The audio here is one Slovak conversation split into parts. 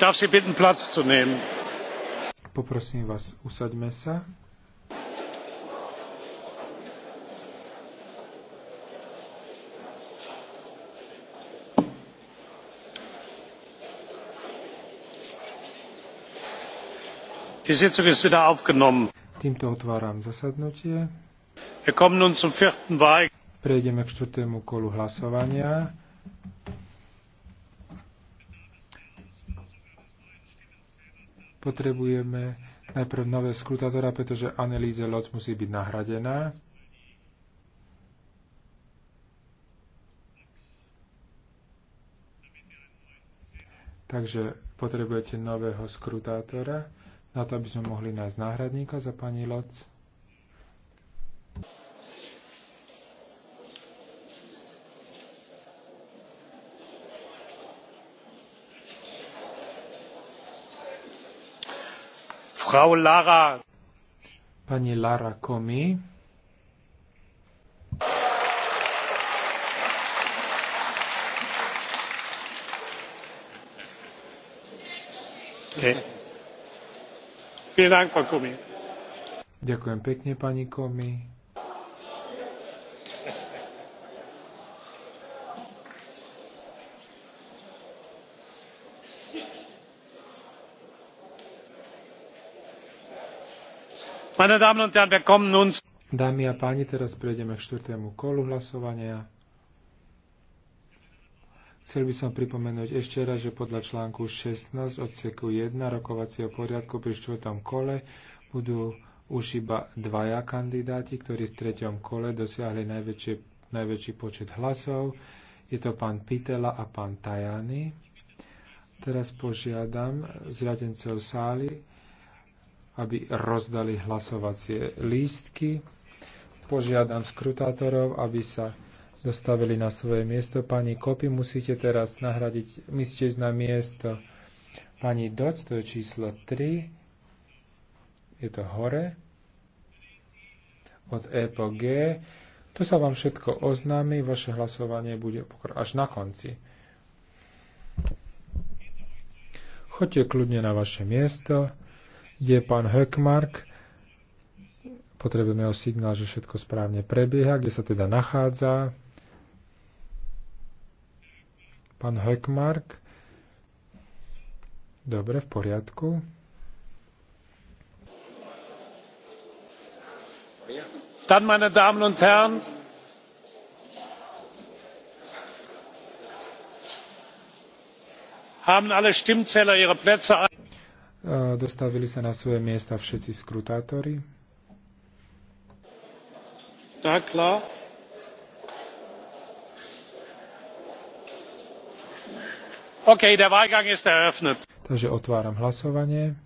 Darf Sie bitten, Platz zu nehmen. Poprosím vás, usaďme sa. Die Sitzung ist wieder aufgenommen. Týmto otváram zasadnutie. Wir kommen nun zum vierten Wahl. Prejdeme k štvrtému kolu hlasovania. Potrebujeme najprv nové skrutátora, pretože analýze LOC musí byť nahradená. Takže potrebujete nového skrutátora na to, aby sme mohli nájsť náhradníka za pani Loc. Frau Lara. Pani Lara Komi. Okay. Dank, Frau Komi. Ďakujem pekne, pani Komi. Dámy a páni, teraz prejdeme k štvrtému kolu hlasovania. Chcel by som pripomenúť ešte raz, že podľa článku 16 odseku 1 rokovacieho poriadku pri štvrtom kole budú už iba dvaja kandidáti, ktorí v treťom kole dosiahli najväčšie, najväčší počet hlasov. Je to pán Pitela a pán Tajany. Teraz požiadam zriadencov sály, aby rozdali hlasovacie lístky. Požiadam skrutátorov, aby sa dostavili na svoje miesto. Pani Kopy, musíte teraz nahradiť, musíte ísť na miesto pani Doc, to je číslo 3, je to hore, od E po G. Tu sa vám všetko oznámi, vaše hlasovanie bude až na konci. Choďte kľudne na vaše miesto kde je pán Hökmark, potrebujeme ho signál, že všetko správne prebieha, kde sa teda nachádza. Pán Hökmark. Dobre, v poriadku. Dann, meine Damen und Herren, haben alle Stimmzähler ihre Plätze ein. Dostavili sa na svoje miesta všetci skrutátori. Tak, klar. Okay, der Wahlgang ist eröffnet. Takže otváram hlasovanie.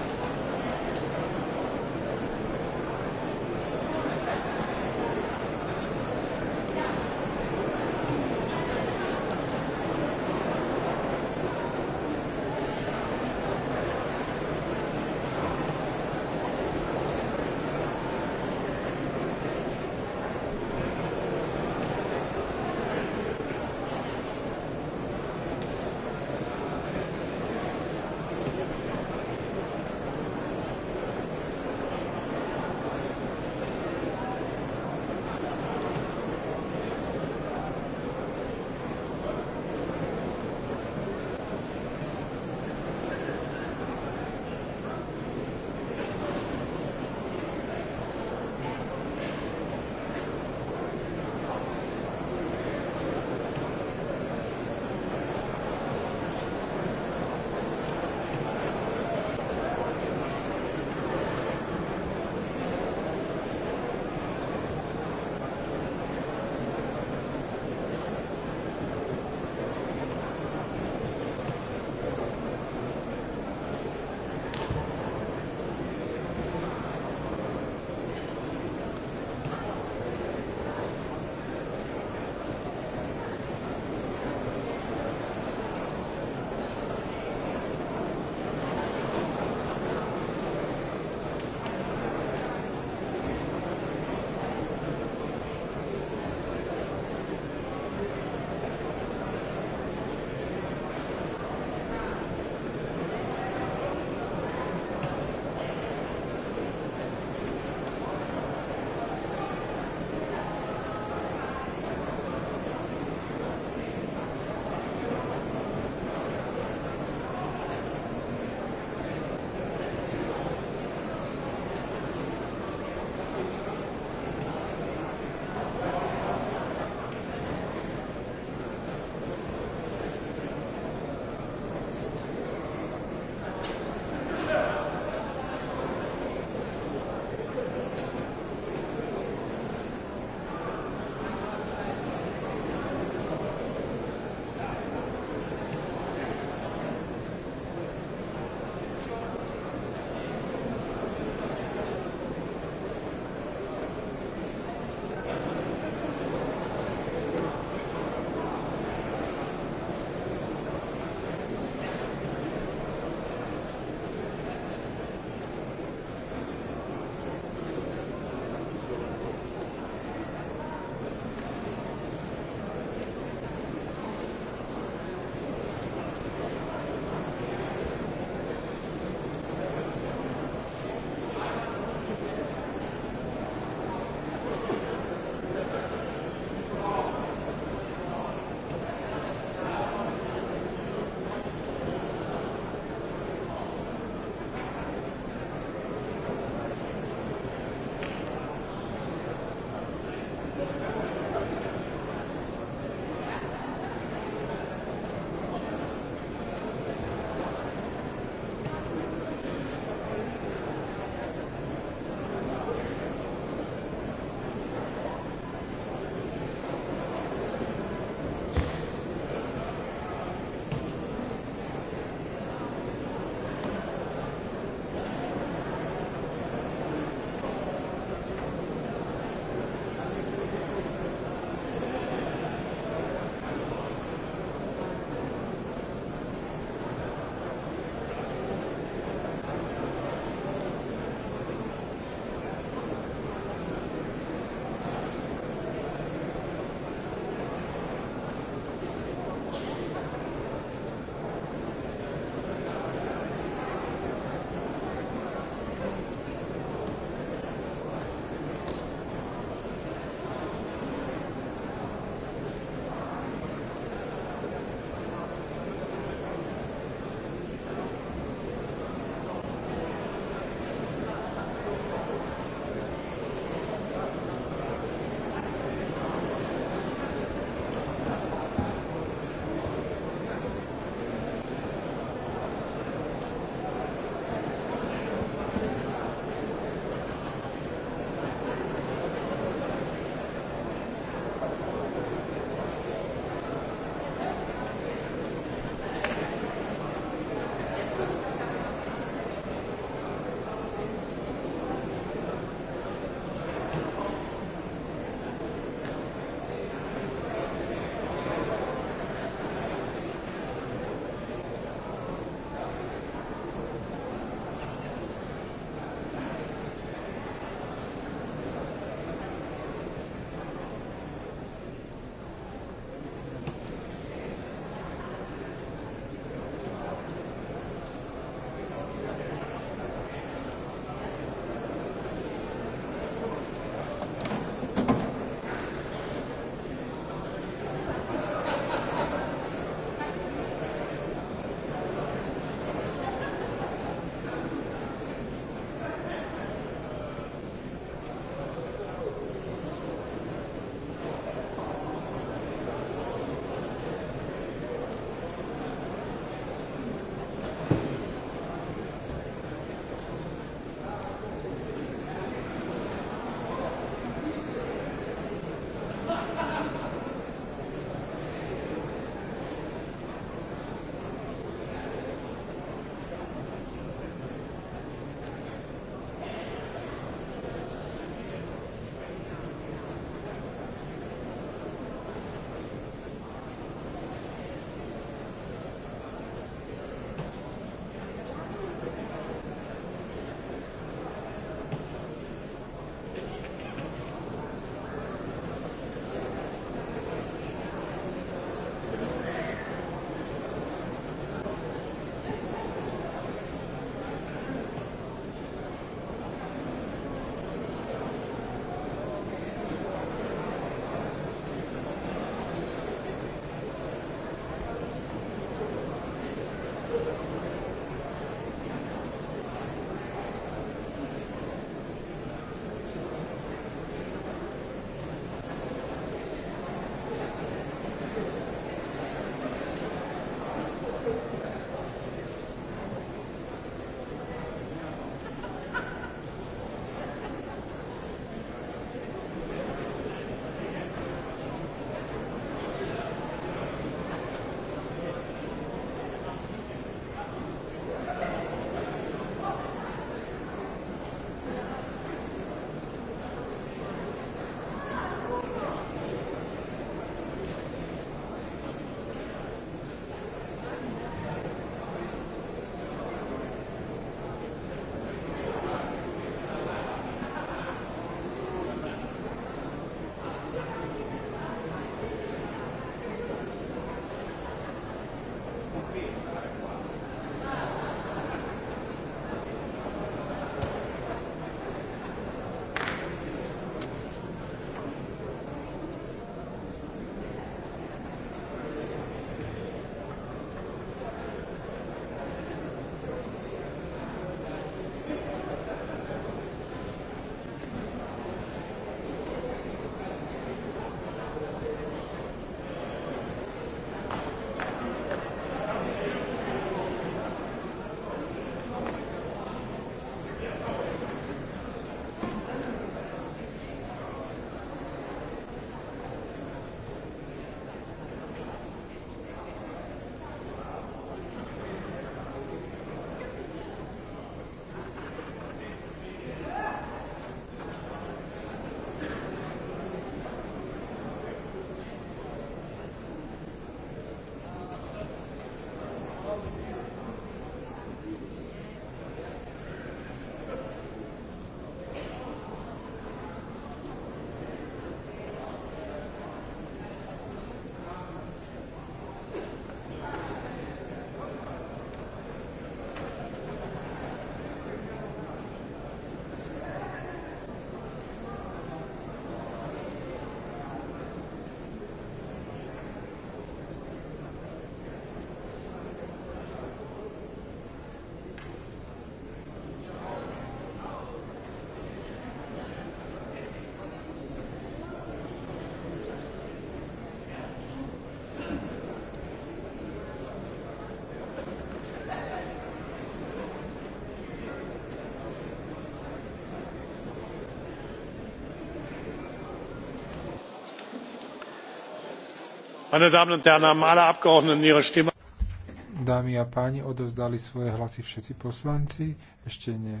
Dámy a páni, odovzdali svoje hlasy všetci poslanci? Ešte nie.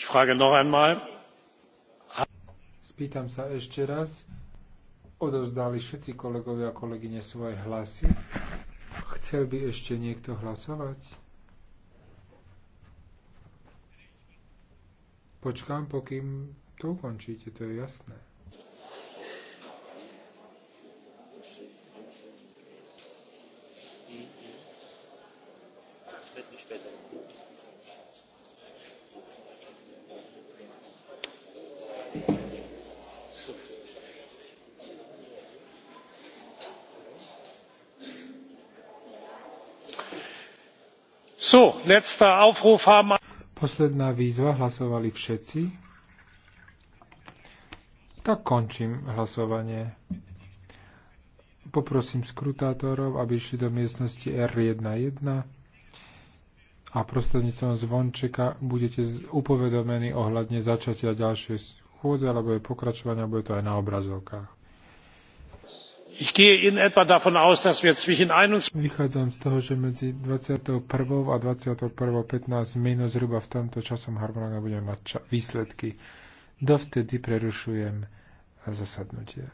Ich frage noch einmal. Spýtam sa ešte raz. Odovzdali všetci kolegovia a kolegyne svoje hlasy? Chcel by ešte niekto hlasovať? Počkám, pokým to ukončíte, to je jasné. So, letzter Aufruf haben Posledná výzva, hlasovali všetci. Tak končím hlasovanie. Poprosím skrutátorov, aby išli do miestnosti R11 a prostredníctvom zvončeka budete upovedomení ohľadne začatia ďalšej schôdze alebo pokračovanie, pokračovania, bude to aj na obrazovkách. Ich gehe in etwa davon aus, dass wir zwischen 21... Vychádzam z toho, že medzi 21. a 21.15 minút zhruba v tomto časom harmonograme budeme mať výsledky. Dovtedy prerušujem zasadnutie.